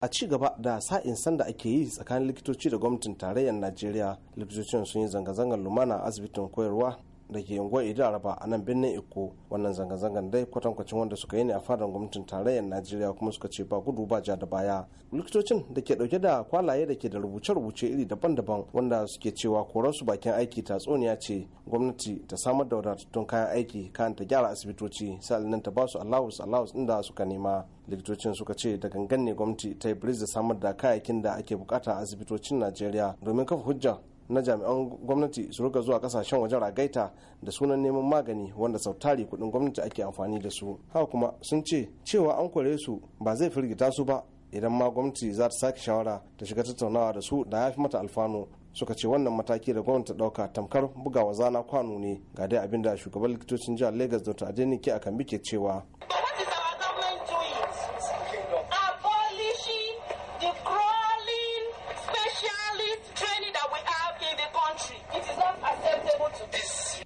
a ci gaba da sa'in sanda ake yi tsakanin likitoci da gwamnatin tarayyar najeriya likitocin sun yi zanga-zangar lumana a asibitin koyarwa da ke unguwar araba a nan birnin iko wannan zanga-zangan dai kwatankwacin wanda suka yi ne a fadar gwamnatin tarayyar najeriya kuma suka ce ba gudu ba ja da baya likitocin da ke dauke da kwalaye da ke da rubuce-rubuce iri daban-daban wanda suke cewa koransu bakin aiki tatsuniya ce gwamnati ta samar da wadatattun kayan aiki kan ta gyara asibitoci sa'ilin ta ba su allowance allowance inda suka nema likitocin suka ce da gangan ne gwamnati ta yi da samar da kayayyakin da ake bukata a asibitocin najeriya domin kafa hujja na jami'an gwamnati su rika zuwa kasashen wajen ragaita da sunan neman magani wanda sau sautari kudin gwamnati ake amfani da su haka kuma sun ce cewa an kore su ba zai firgita su ba idan ma gwamnati za ta sake shawara ta shiga tattaunawa da su da ya fi mata alfano suka ce wannan mataki da gwamnati dauka tamkar bugawa zana kwano ne ga dai abinda shugaban likitocin jihar lagos dr adeniki akan bike cewa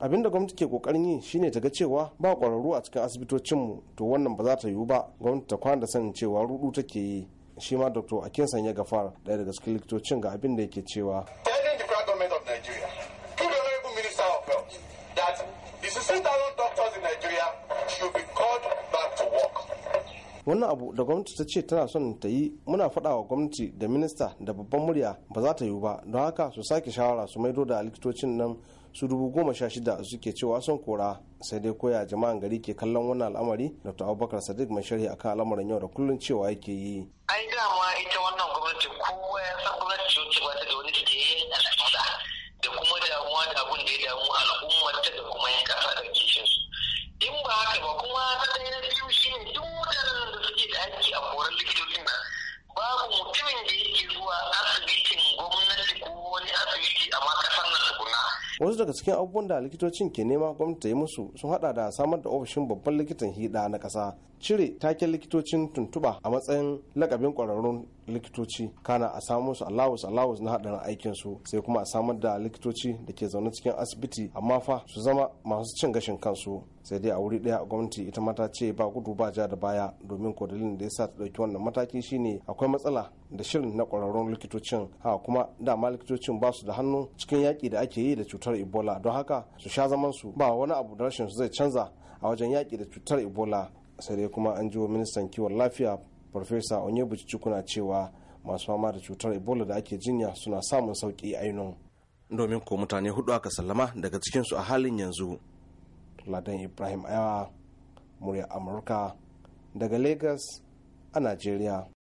abin da gwamnati ke kokarin yi shine ta ga cewa ba kwararru a cikin asibitocinmu to wannan ba za ta yiwu ba gwamnati ta kwana da sanin cewa rudu take yi shi ma dr akinsan ya gafar daya daga cikin likitocin ga abin da yake cewa that the wannan abu da gwamnati ta ce tana son ta yi muna faɗa wa gwamnati da minista da babban murya ba za ta yiwu ba don haka su sake shawara su maido da likitocin nan su dubu goma sha shida suke cewa son kora sai dai koya jama'an gari ke kallon wannan al'amari dr abubakar sadiq mai sharhi akan al'amarin yau da kullum cewa yake yi ai dama ita wannan gwamnati kowa ya san gwamnati ce ba ta da wani ke yi wasu daga cikin abubuwan da likitocin ke nema gwamnati ta yi musu sun hada da samar da ofishin babban likitan hida na kasa cire taken likitocin tuntuba a matsayin lakabin kwararrun likitoci kana a samu su allowance allowance na haɗarin aikin su sai kuma a samar da likitoci da ke zaune cikin asibiti amma fa su zama masu cin gashin kansu sai dai a wuri ɗaya gwamnati ita mata ce ba gudu ba ja da baya domin ko dalilin da ya sa ta ɗauki wannan mataki shine akwai matsala da shirin na ƙwararrun likitocin ha kuma dama likitocin ba su da hannu cikin yaƙi da ake yi da cutar ebola don haka su sha zaman su ba wani abu da rashin su zai canza a wajen yaƙi da cutar ebola sai dai kuma an jiwo ministan kiwon lafiya farfesa bucici kuna cewa masu fama da cutar ebola da ake jinya suna samun sauki ainihin domin ko mutane hudu aka sallama daga cikinsu a halin yanzu ladan ibrahim ayawa murya amurka daga lagos a nigeria